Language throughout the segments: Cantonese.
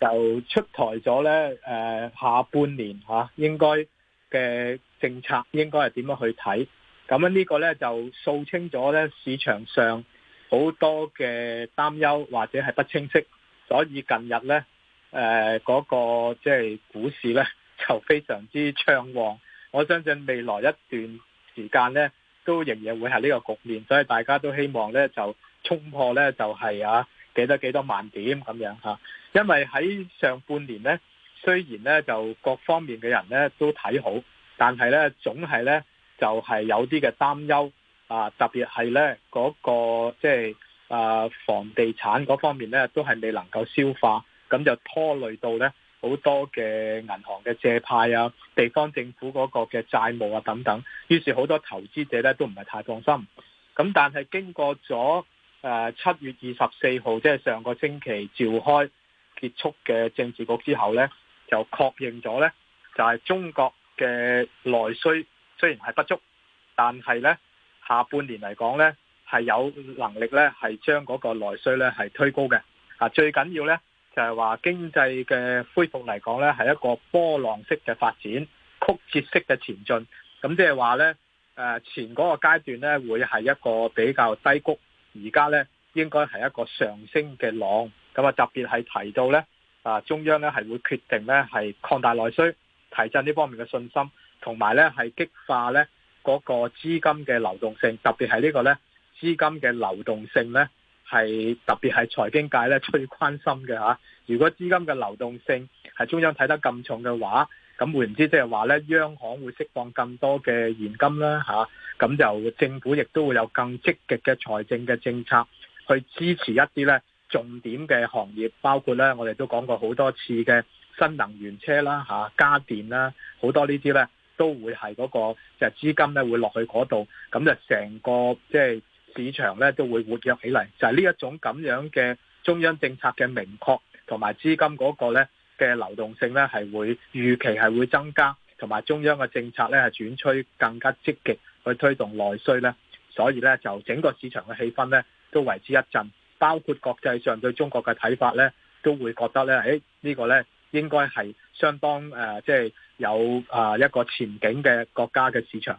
就出台咗呢誒下半年嚇應該嘅政策應該係點樣去睇？咁呢個呢，就掃清咗呢市場上好多嘅擔憂或者係不清晰，所以近日呢，誒嗰個即係股市呢，就非常之暢旺。我相信未來一段時間呢，都仍然會係呢個局面，所以大家都希望呢，就衝破呢，就係啊～幾多幾多萬點咁樣吓，因為喺上半年呢，雖然呢就各方面嘅人呢都睇好，但係呢總係呢就係有啲嘅擔憂啊，特別係呢嗰個即係啊房地產嗰方面呢都係未能夠消化，咁就拖累到呢好多嘅銀行嘅借貸啊，地方政府嗰個嘅債務啊等等，於是好多投資者呢都唔係太放心，咁但係經過咗。誒，七、啊、月二十四號即係上個星期召開結束嘅政治局之後呢，就確認咗呢就係、是、中國嘅內需雖然係不足，但係呢下半年嚟講呢係有能力呢係將嗰個內需呢係推高嘅。啊，最緊要呢就係、是、話經濟嘅恢復嚟講呢係一個波浪式嘅發展、曲折式嘅前進。咁即係話呢，誒、啊，前嗰個階段呢會係一個比較低谷。而家呢應該係一個上升嘅浪，咁啊特別係提到呢啊，中央呢係會決定呢係擴大內需，提振呢方面嘅信心，同埋呢係激化呢嗰個資金嘅流動性，特別係呢個呢資金嘅流動性呢，係特別係財經界呢最關心嘅嚇。如果資金嘅流動性係中央睇得咁重嘅話，咁會唔會即係話呢央行會釋放更多嘅現金啦。嚇？咁就政府亦都會有更積極嘅財政嘅政策去支持一啲咧重點嘅行業，包括咧我哋都講過好多次嘅新能源車啦、啊、吓家電啦，好多呢啲咧都會係嗰個就資金咧會落去嗰度，咁就成個即係市場咧都會活躍起嚟，就係呢一種咁樣嘅中央政策嘅明確同埋資金嗰個咧嘅流動性咧係會預期係會增加，同埋中央嘅政策咧係轉趨更加積極。去推動內需咧，所以咧就整個市場嘅氣氛咧都為之一振，包括國際上對中國嘅睇法咧都會覺得咧，誒呢個咧應該係相當誒，即係有啊一個前景嘅國家嘅市場。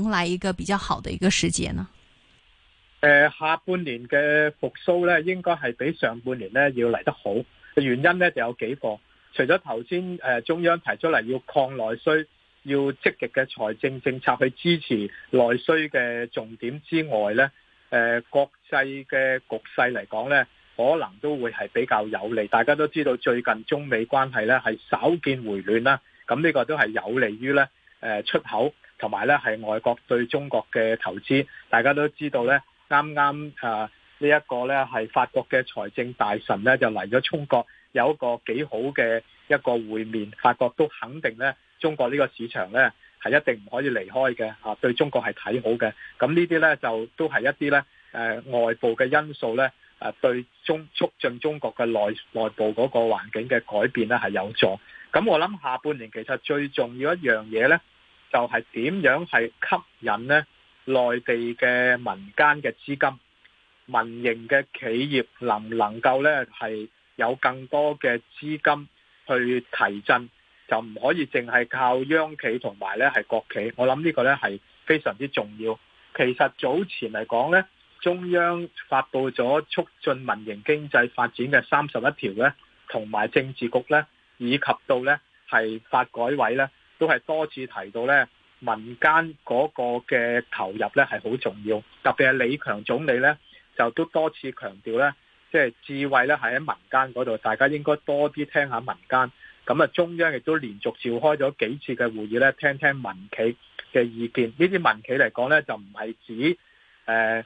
迎來一個比較好的一個時節呢？誒，下半年嘅復甦咧，應該係比上半年咧要嚟得好。原因咧就有幾個，除咗頭先誒中央提出嚟要擴內需、要積極嘅財政政策去支持內需嘅重點之外咧，誒國際嘅局勢嚟講咧，可能都會係比較有利。大家都知道最近中美關係咧係少見回暖啦，咁呢個都係有利於咧誒出口。同埋咧，係外國對中國嘅投資，大家都知道咧。啱啱啊，這個、呢一個咧係法國嘅財政大臣咧就嚟咗中國，有一個幾好嘅一個會面。法國都肯定咧，中國呢個市場咧係一定唔可以離開嘅嚇、啊，對中國係睇好嘅。咁呢啲咧就都係一啲咧誒外部嘅因素咧誒、啊、對中促進中國嘅內、內部嗰個環境嘅改變咧係有助。咁我諗下半年其實最重要一樣嘢咧，就係點樣係吸引呢內地嘅民間嘅資金，民營嘅企業能唔能夠呢係有更多嘅資金去提振，就唔可以淨係靠央企同埋呢係國企。我諗呢個呢係非常之重要。其實早前嚟講呢，中央發布咗促進民營經濟發展嘅三十一條呢，同埋政治局呢，以及到呢係發改委呢。都係多次提到咧，民間嗰個嘅投入咧係好重要，特別係李強總理咧就都多次強調咧，即係智慧咧係喺民間嗰度，大家應該多啲聽下民間。咁啊，中央亦都連續召開咗幾次嘅會議咧，聽聽民企嘅意見。呢啲民企嚟講咧，就唔係指誒誒、呃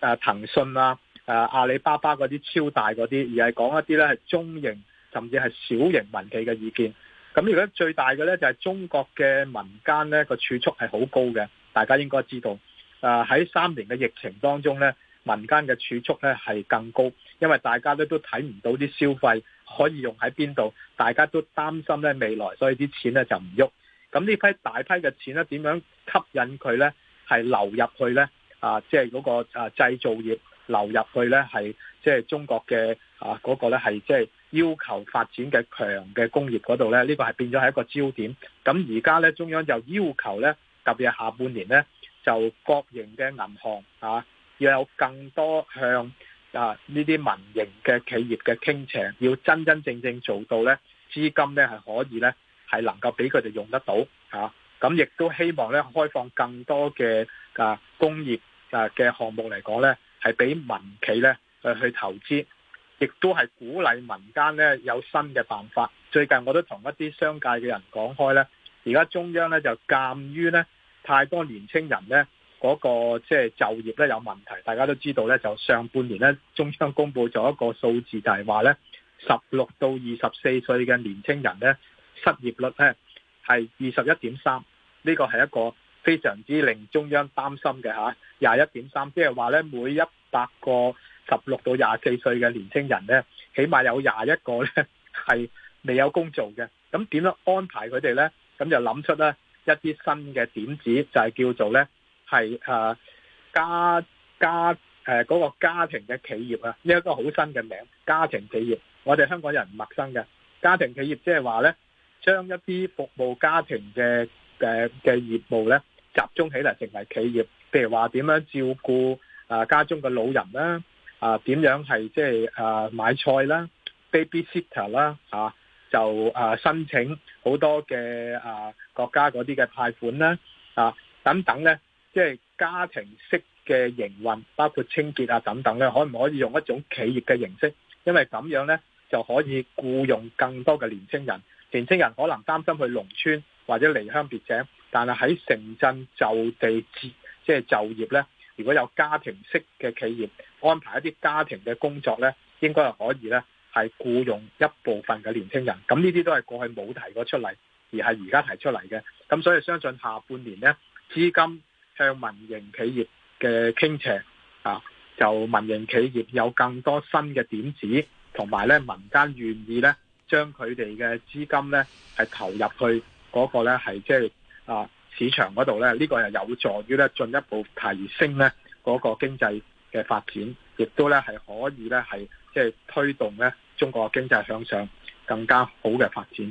啊、騰訊啊、誒、啊、阿里巴巴嗰啲超大嗰啲，而係講一啲咧係中型甚至係小型民企嘅意見。咁如果最大嘅咧，就係中國嘅民間咧個儲蓄係好高嘅，大家應該知道。誒喺三年嘅疫情當中咧，民間嘅儲蓄咧係更高，因為大家咧都睇唔到啲消費可以用喺邊度，大家都擔心咧未來，所以啲錢咧就唔喐。咁呢批大批嘅錢咧點樣吸引佢咧係流入去咧啊？即係嗰個啊製造業流入去咧係即係中國嘅啊嗰個咧係即係。要求發展嘅強嘅工業嗰度呢，呢、呢個係變咗係一個焦點。咁而家呢，中央就要求呢，特別係下半年呢，就國營嘅銀行啊，要有更多向啊呢啲民營嘅企業嘅傾斜，要真真正正做到呢，資金呢係可以呢，係能夠俾佢哋用得到嚇。咁、啊、亦都希望呢，開放更多嘅啊工業啊嘅項目嚟講呢，係俾民企呢去、啊、去投資。亦都係鼓勵民間咧有新嘅辦法。最近我都同一啲商界嘅人講開咧，而家中央咧就鑑於咧太多年青人咧嗰個即係就業咧有問題，大家都知道咧就上半年咧中央公布咗一個數字，就係話咧十六到二十四歲嘅年青人咧失業率咧係二十一點三，呢個係一個非常之令中央擔心嘅吓，廿一點三，即係話咧每一百個。十六到廿四歲嘅年青人呢，起碼有廿一個呢係未有工做嘅，咁點樣安排佢哋呢？咁就諗出呢一啲新嘅點子，就係、是、叫做呢係誒、啊、家家誒嗰個家庭嘅企業啊，呢一個好新嘅名，家庭企業。我哋香港人唔陌生嘅家庭企業，即係話呢，將一啲服務家庭嘅嘅嘅業務呢，集中起嚟成為企業，譬如話點樣照顧誒家中嘅老人啦。啊，點樣係即係啊買菜啦、baby sitter 啦啊，就啊申請好多嘅啊國家嗰啲嘅貸款啦啊等等呢即係、就是、家庭式嘅營運，包括清潔啊等等呢，可唔可以用一種企業嘅形式？因為咁樣呢，就可以僱用更多嘅年青人，年青人可能擔心去農村或者離鄉別井，但係喺城鎮就地接即係就業呢。如果有家庭式嘅企業安排一啲家庭嘅工作咧，應該係可以咧，係雇傭一部分嘅年輕人。咁呢啲都係過去冇提過出嚟，而係而家提出嚟嘅。咁所以相信下半年咧，資金向民營企業嘅傾斜啊，就民營企業有更多新嘅點子，同埋咧民間願意咧，將佢哋嘅資金咧，係投入去嗰個咧，係即係啊。市場嗰度咧，呢個又有助於咧進一步提升咧嗰個經濟嘅發展，亦都咧係可以咧係即係推動咧中國經濟向上更加好嘅發展。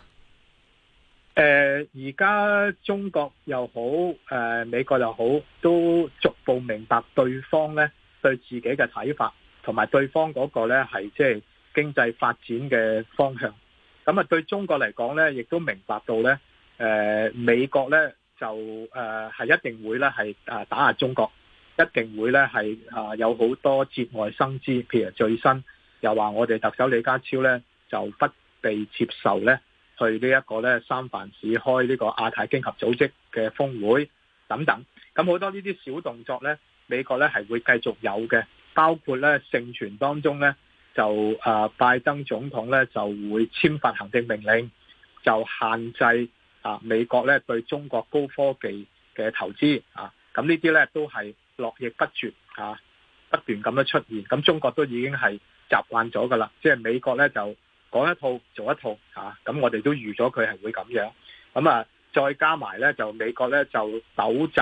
誒，而家、呃、中國又好，誒、呃、美國又好，都逐步明白對方咧對自己嘅睇法，同埋對方嗰個咧係即係經濟發展嘅方向。咁啊，對中國嚟講咧，亦都明白到咧，誒、呃、美國咧就誒係、呃、一定會咧係啊打壓中國，一定會咧係啊有好多節外生枝。譬如最新又話我哋特首李家超咧就不被接受咧。去呢一個咧三藩市開呢個亞太經合組織嘅峰會等等，咁好多呢啲小動作咧，美國咧係會繼續有嘅，包括咧盛傳當中咧就啊拜登總統咧就會簽發行政命令，就限制啊美國咧對中國高科技嘅投資啊，咁呢啲咧都係絡繹不絕啊，不斷咁樣出現，咁中國都已經係習慣咗噶啦，即係美國咧就。講一套做一套嚇，咁、啊、我哋都預咗佢係會咁樣。咁啊，再加埋呢，就美國呢，就糾集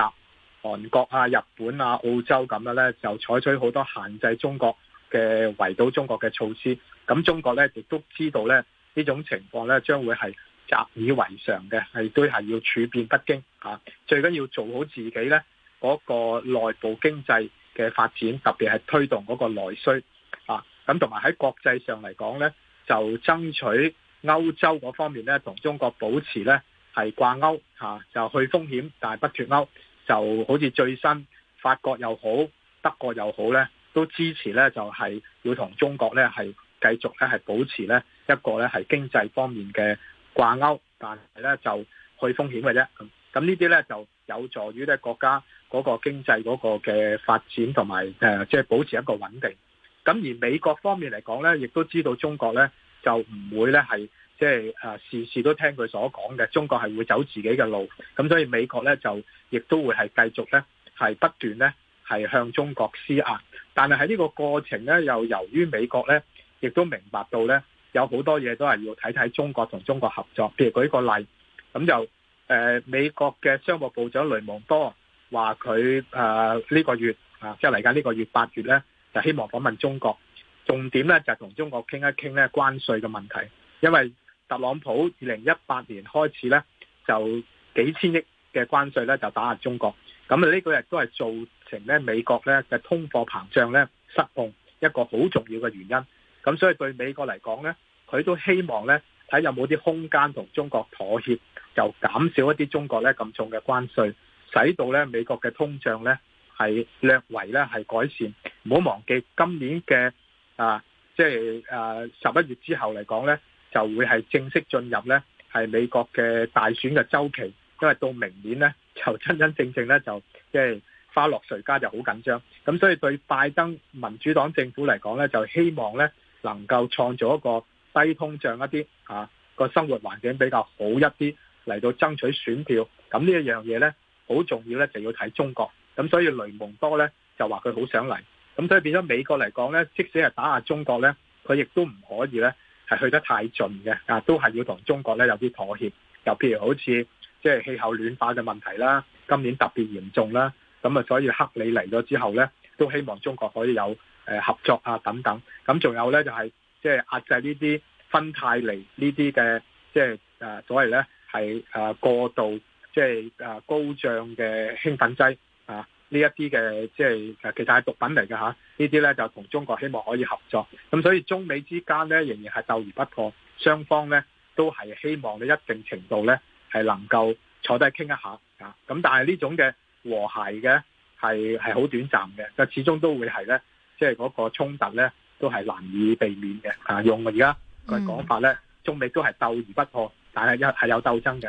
韓國啊、日本啊、澳洲咁樣呢，就採取好多限制中國嘅圍堵中國嘅措施。咁、啊、中國呢，亦都知道呢，呢種情況呢，將會係習以為常嘅，係都係要處變不驚、啊、最緊要做好自己呢嗰、嗰個內部經濟嘅發展，特別係推動嗰個內需啊。咁同埋喺國際上嚟講呢。就爭取歐洲嗰方面咧，同中國保持咧係掛鈎吓，就去風險但係不脫鈎，就好似最新法國又好、德國又好咧，都支持咧就係、是、要同中國咧係繼續咧係保持咧一個咧係經濟方面嘅掛鈎，但係咧就去風險嘅啫。咁呢啲咧就有助於咧國家嗰個經濟嗰個嘅發展同埋誒，即係、呃就是、保持一個穩定。咁而美國方面嚟講呢，亦都知道中國呢就唔會呢係即係啊，事事都聽佢所講嘅。中國係會走自己嘅路，咁所以美國呢就亦都會係繼續呢係不斷呢係向中國施壓。但係喺呢個過程呢，又由於美國呢亦都明白到呢有好多嘢都係要睇睇中國同中國合作。譬如舉一個例，咁就誒、呃、美國嘅商務部長雷蒙多話佢誒呢個月啊，即係嚟緊呢個月八月呢。就希望訪問中國，重點咧就係同中國傾一傾咧關稅嘅問題，因為特朗普二零一八年開始咧就幾千億嘅關稅咧就打壓中國，咁啊呢個亦都係造成咧美國咧嘅通貨膨脹咧失控一個好重要嘅原因，咁所以對美國嚟講咧，佢都希望咧睇有冇啲空間同中國妥協，就減少一啲中國咧咁重嘅關稅，使到咧美國嘅通脹咧。係略為咧係改善，唔好忘記今年嘅啊，即係啊十一月之後嚟講呢，就會係正式進入呢係美國嘅大選嘅週期。因為到明年呢，就真真正正呢，就即係花落誰家就好緊張。咁所以對拜登民主黨政府嚟講呢，就希望呢能夠創造一個低通脹一啲啊個生活環境比較好一啲嚟到爭取選票。咁呢一樣嘢呢，好重要呢，就要睇中國。咁所以雷蒙多呢就話佢好想嚟，咁所以變咗美國嚟講呢，即使係打壓中國呢，佢亦都唔可以呢，係去得太盡嘅，啊都係要同中國呢有啲妥協，又譬如好似即係氣候暖化嘅問題啦，今年特別嚴重啦，咁啊所以克里嚟咗之後呢，都希望中國可以有誒合作啊等等，咁仲有呢，就係即係壓制呢啲芬太尼呢啲嘅即係誒所謂呢，係誒過度即係誒高漲嘅興奮劑。啊！呢一啲嘅即係，其實係毒品嚟嘅吓，呢啲咧就同中國希望可以合作。咁所以中美之間咧仍然係鬥而不破，雙方咧都係希望喺一定程度咧係能夠坐低傾一下啊。咁但係呢種嘅和諧嘅係係好短暫嘅，就始終都會係咧，即係嗰個衝突咧都係難以避免嘅。啊，用而家嘅講法咧，嗯、中美都係鬥而不破，但係一係有鬥爭嘅。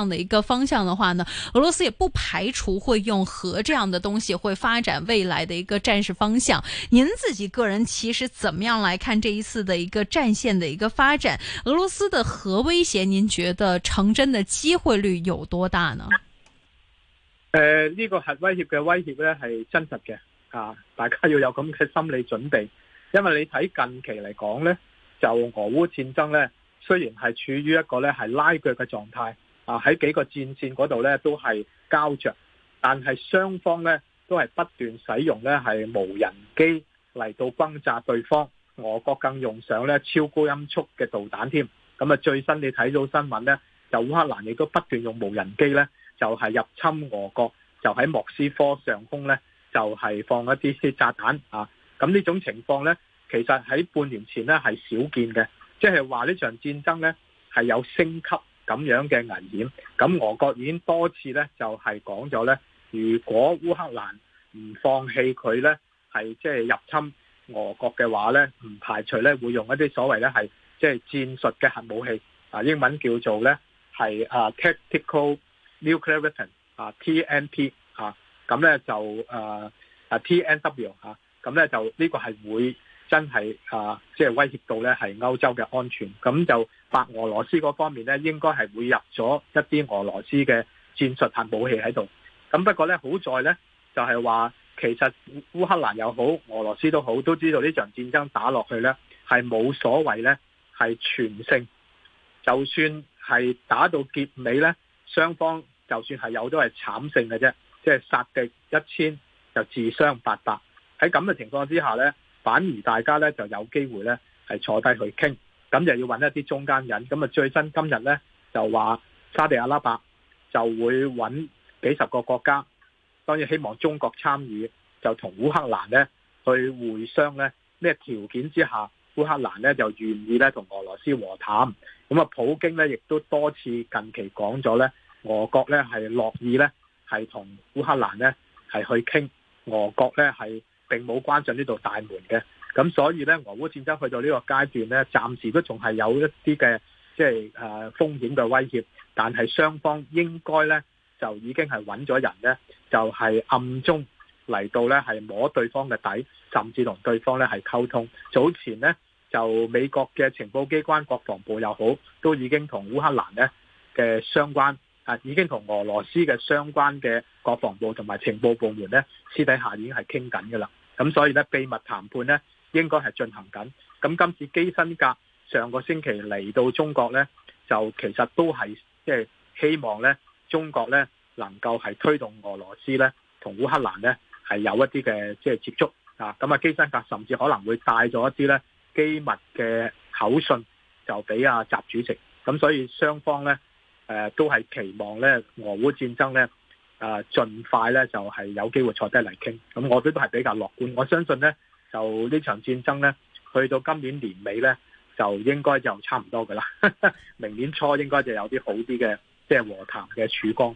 的一個方向的話呢，俄羅斯也不排除會用核這樣的東西會發展未來的一個戰事方向。您自己個人其實怎麼樣來看這一次的一個戰線的一個發展？俄羅斯的核威脅，您覺得成真的機會率有多大呢？誒、呃，呢、這個核威脅嘅威脅咧係真實嘅啊！大家要有咁嘅心理準備，因為你睇近期嚟講咧，就俄烏戰爭咧，雖然係處於一個咧係拉鋸嘅狀態。啊！喺幾個戰線嗰度咧，都係膠着，但係雙方咧都係不斷使用咧係無人機嚟到轟炸對方。俄國更用上咧超高音速嘅導彈添。咁啊，最新你睇到新聞咧，就烏克蘭亦都不斷用無人機咧，就係入侵俄國，就喺莫斯科上空咧，就係放一啲啲炸彈啊！咁呢種情況咧，其實喺半年前咧係少見嘅，即係話呢場戰爭咧係有升級。咁樣嘅危險，咁俄國已經多次咧，就係、是、講咗咧，如果烏克蘭唔放棄佢咧，係即係入侵俄國嘅話咧，唔排除咧會用一啲所謂咧係即係戰術嘅核武器，啊英文叫做咧係啊 tactical nuclear weapon 啊、uh, TNT 嚇、啊，咁咧就誒啊、uh, TNW 嚇、啊，咁咧就呢個係會真係即係威脅到咧係歐洲嘅安全，咁就。白俄羅斯嗰方面咧，應該係會入咗一啲俄羅斯嘅戰術核武器喺度。咁不過咧，好在咧，就係、是、話其實烏克蘭又好，俄羅斯都好，都知道呢場戰爭打落去咧，係冇所謂咧，係全勝。就算係打到結尾咧，雙方就算係有都係慘勝嘅啫，即、就、係、是、殺敵一千就自傷八百。喺咁嘅情況之下咧，反而大家咧就有機會咧係坐低去傾。咁就要揾一啲中間人，咁啊最新今日呢，就話沙地阿拉伯就會揾幾十個國家，當然希望中國參與，就同烏克蘭呢去會商呢，咩條件之下烏克蘭呢就願意呢同俄羅斯和談，咁啊普京呢亦都多次近期講咗呢，俄國呢係樂意呢係同烏克蘭呢係去傾，俄國呢係並冇關上呢度大門嘅。咁所以咧，俄烏戰爭去到呢個階段咧，暫時都仲係有一啲嘅即係誒風險嘅威脅，但係雙方應該咧就已經係揾咗人咧，就係暗中嚟到咧係摸對方嘅底，甚至同對方咧係溝通。早前咧就美國嘅情報機關、國防部又好，都已經同烏克蘭咧嘅相關啊，已經同俄羅斯嘅相關嘅國防部同埋情報部門咧私底下已經係傾緊㗎啦。咁所以咧，秘密談判咧。應該係進行緊。咁今次基辛格上個星期嚟到中國呢，就其實都係即係希望呢中國呢能夠係推動俄羅斯呢同烏克蘭呢係有一啲嘅即係接觸啊。咁啊，基辛格甚至可能會帶咗一啲呢機密嘅口信，就俾阿習主席。咁所以雙方呢誒、呃、都係期望呢俄烏戰爭呢啊，儘、呃、快呢，就係、是、有機會坐低嚟傾。咁我哋都係比較樂觀，我相信呢。就呢場戰爭呢，去到今年年尾呢，就應該就差唔多㗎啦。 明年初應該就有啲好啲嘅，即係和談嘅曙光。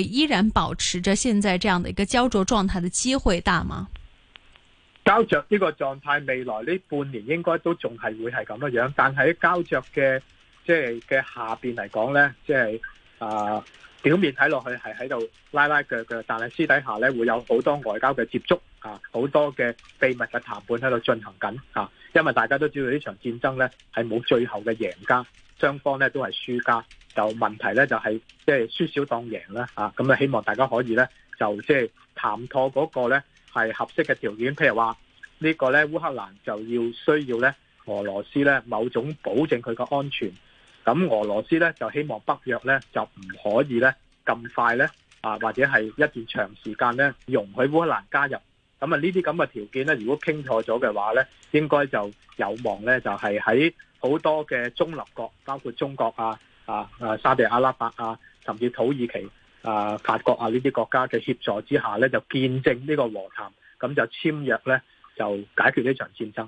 依然保持着現在這樣的一個膠着狀態的機會大嗎？膠着呢個狀態，未來呢半年應該都仲係會係咁樣樣，但係膠着嘅即係嘅下邊嚟講咧，即係啊。表面睇落去係喺度拉拉鋸鋸，但係私底下咧會有好多外交嘅接觸啊，好多嘅秘密嘅談判喺度進行緊啊。因為大家都知道呢場戰爭咧係冇最後嘅贏家，雙方咧都係輸家。就問題咧就係即係輸少當贏啦啊。咁啊，希望大家可以咧就即係談妥嗰個咧係合適嘅條件，譬如話呢個咧烏克蘭就要需要咧俄羅斯咧某種保證佢嘅安全。咁俄羅斯咧就希望北約咧就唔可以咧咁快咧啊或者係一段長時間咧容許烏克蘭加入。咁啊呢啲咁嘅條件咧，如果傾錯咗嘅話咧，應該就有望咧就係喺好多嘅中立國，包括中國啊、啊沙地阿拉伯啊，甚至土耳其啊、啊法國啊呢啲國家嘅協助之下咧，就見證呢個和談，咁就簽約咧就解決呢場戰爭。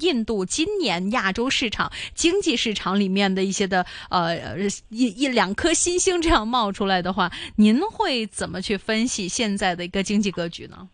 印度今年亞洲市場經濟市場裏面的一些的，呃，一一兩顆新星這樣冒出來的話，您會怎麼去分析現在的一個經濟格局呢？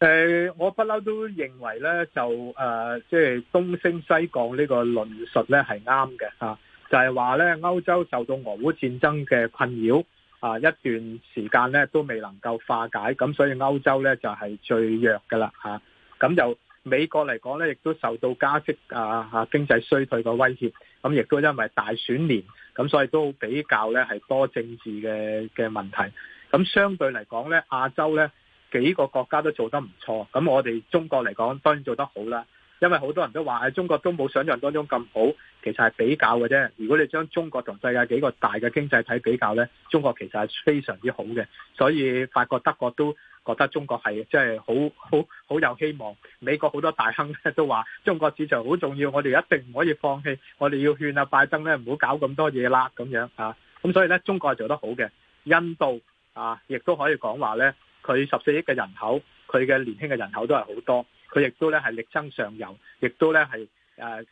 誒、呃，我不嬲都認為咧，就誒，即、呃、係、就是、東升西降呢個論述咧係啱嘅吓，就係話咧歐洲受到俄烏戰爭嘅困擾啊，一段時間咧都未能夠化解，咁所以歐洲咧就係、是、最弱噶啦吓，咁、啊、就。美國嚟講咧，亦都受到加息啊啊經濟衰退嘅威脅，咁亦都因為大選年，咁所以都比較咧係多政治嘅嘅問題。咁相對嚟講咧，亞洲咧幾個國家都做得唔錯，咁我哋中國嚟講當然做得好啦。因為好多人都話誒，中國都冇想象當中咁好，其實係比較嘅啫。如果你將中國同世界幾個大嘅經濟體比較呢，中國其實係非常之好嘅。所以法國、德國都覺得中國係即係好好好有希望。美國好多大亨都話中國市場好重要，我哋一定唔可以放棄，我哋要勸下拜登呢，唔好搞咁多嘢啦，咁樣啊。咁所以呢，中國係做得好嘅。印度啊，亦都可以講話呢，佢十四億嘅人口，佢嘅年輕嘅人口都係好多。佢亦都咧係力爭上游，亦都咧係誒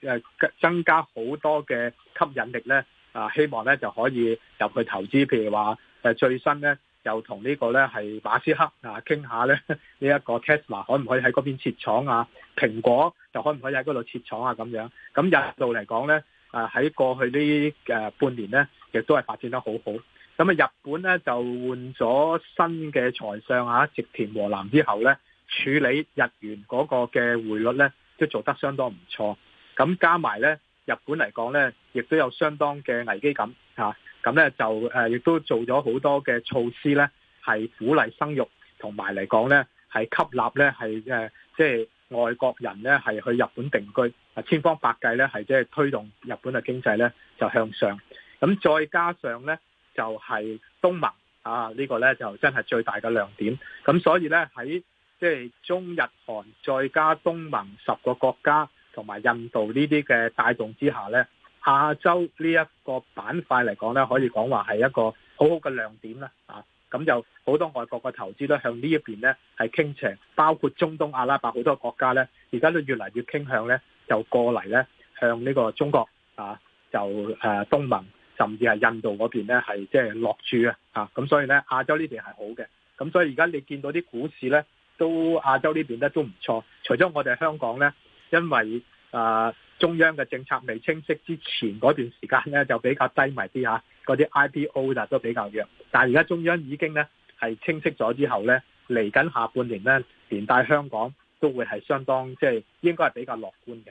誒增加好多嘅吸引力咧啊！希望咧就可以入去投資。譬如話誒最新咧又同呢個咧係馬斯克啊傾下咧，呢一個 Tesla 可唔可以喺嗰邊設廠啊？蘋果就可唔可以喺嗰度設廠啊？咁樣，咁印度嚟講咧喺過去呢誒半年咧，亦都係發展得好好。咁啊日本咧就換咗新嘅財相啊，直田和男之後咧，處理日元嗰個嘅匯率呢，都做得相當唔錯。咁加埋呢，日本嚟講呢，亦都有相當嘅危機感嚇。咁、啊、咧、啊、就誒，亦、啊、都做咗好多嘅措施呢，係鼓勵生育，同埋嚟講呢，係吸納呢，係誒，即、啊、係、即係、外國人呢，係去日本定居，千方百計呢，係即係推動日本嘅經濟呢，就向上。咁再加上呢，就係、係、東盟啊，呢、呢個呢，就真係最大嘅亮點。咁所以呢，喺即係中日韓再加東盟十個國家同埋印度呢啲嘅帶動之下呢，亞洲呢一個板塊嚟講呢，可以講話係一個好好嘅亮點啦。啊，咁就好多外國嘅投資都向呢一邊呢係傾斜，包括中東阿拉伯好多國家呢，而家都越嚟越傾向呢，就過嚟呢向呢個中國啊，就誒東盟甚至係印度嗰邊呢係即係落注啊。啊，咁所以呢，亞洲呢邊係好嘅，咁所以而家你見到啲股市呢。都亞洲呢邊咧都唔錯，除咗我哋香港呢，因為啊、呃、中央嘅政策未清晰之前嗰段時間呢，就比較低迷啲下，嗰啲 IPO 啦都比較弱，但係而家中央已經呢係清晰咗之後呢，嚟緊下，下半年呢，連帶香港都會係相當即係、就是、應該係比較樂觀嘅。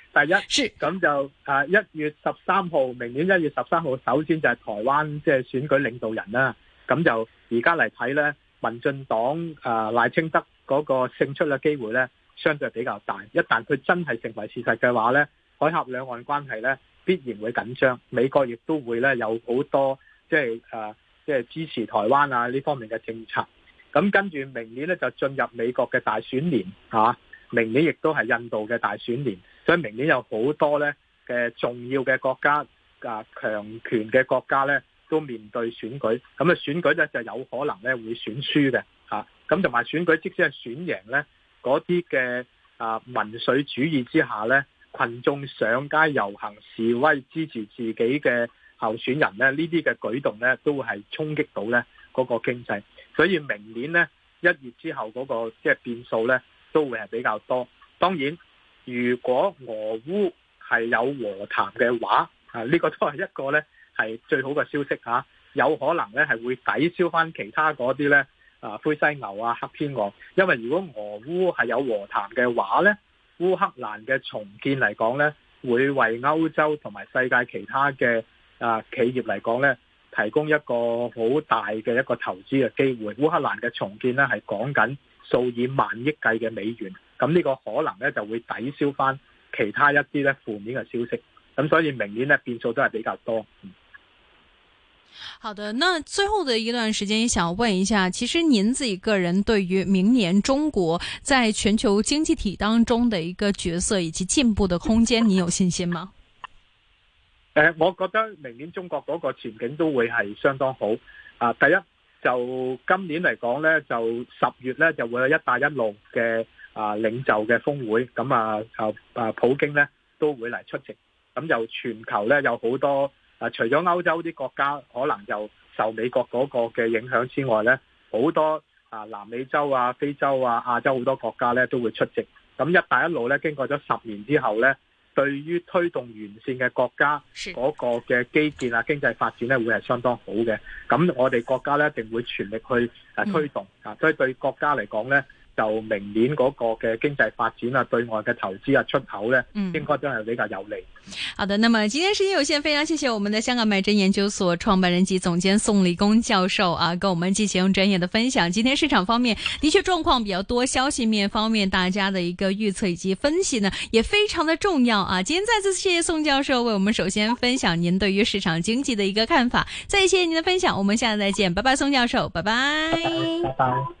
第一咁就啊一月十三號，明年一月十三號，首先就係台灣即係選舉領導人啦。咁就而家嚟睇呢，民進黨啊賴清德嗰個勝出嘅機會呢，相對比較大。一旦佢真係成為事實嘅話呢，海峽兩岸關係呢，必然會緊張，美國亦都會呢有好多即係啊即係支持台灣啊呢方面嘅政策。咁跟住明年呢，就進入美國嘅大選年，啊明年亦都係印度嘅大選年，所以明年有好多呢嘅重要嘅國家啊，強權嘅國家呢都面對選舉，咁啊選舉呢，就有可能呢會選輸嘅嚇，咁同埋選舉即使係選贏呢嗰啲嘅啊民粹主義之下呢，群眾上街遊行示威支持自己嘅候選人呢，呢啲嘅舉動呢都係衝擊到呢嗰個經濟，所以明年呢，一月之後嗰個即係變數呢。都會係比較多。當然，如果俄烏係有和談嘅話，啊，呢、這個都係一個咧係最好嘅消息嚇、啊。有可能咧係會抵消翻其他嗰啲咧啊灰犀牛啊黑天鵝，因為如果俄烏係有和談嘅話呢，烏克蘭嘅重建嚟講呢，會為歐洲同埋世界其他嘅啊企業嚟講呢，提供一個好大嘅一個投資嘅機會。烏克蘭嘅重建呢係講緊。數以萬億計嘅美元，咁呢個可能呢就會抵消翻其他一啲呢負面嘅消息，咁所以明年呢變數都係比較多。好的，那最後的一段時間，想問一下，其實您自己個人對於明年中國在全球經濟體當中的一個角色以及進步嘅空間，你有信心嗎？ 呃，我覺得明年中國嗰個前景都會係相當好。啊，第一。就今年嚟講呢，就十月呢就會有一帶一路嘅啊領袖嘅峰會，咁啊啊普京呢都會嚟出席，咁就全球呢，有好多啊除咗歐洲啲國家可能就受美國嗰個嘅影響之外呢，好多啊南美洲啊非洲啊亞洲好多國家呢都會出席，咁一帶一路呢，經過咗十年之後呢。對於推動完善嘅國家嗰個嘅基建啊、經濟發展咧，會係相當好嘅。咁我哋國家咧，一定會全力去誒推動啊。所以對國家嚟講咧。就明年嗰個嘅經濟發展啊，對外嘅投資啊，出口呢，應該都係比較有利。嗯。好的，那麼今天時間有限，非常謝謝我們的香港麥真研究所創辦人及總監宋立功教授啊，跟我們進行專業的分享。今天市場方面的確狀況比較多，消息面方面大家的一個預測以及分析呢，也非常的重要啊。今天再次謝謝宋教授為我們首先分享您對於市場經濟的一個看法，再謝謝您的分享，我們下次再見，拜拜，宋教授，拜拜，拜拜。拜拜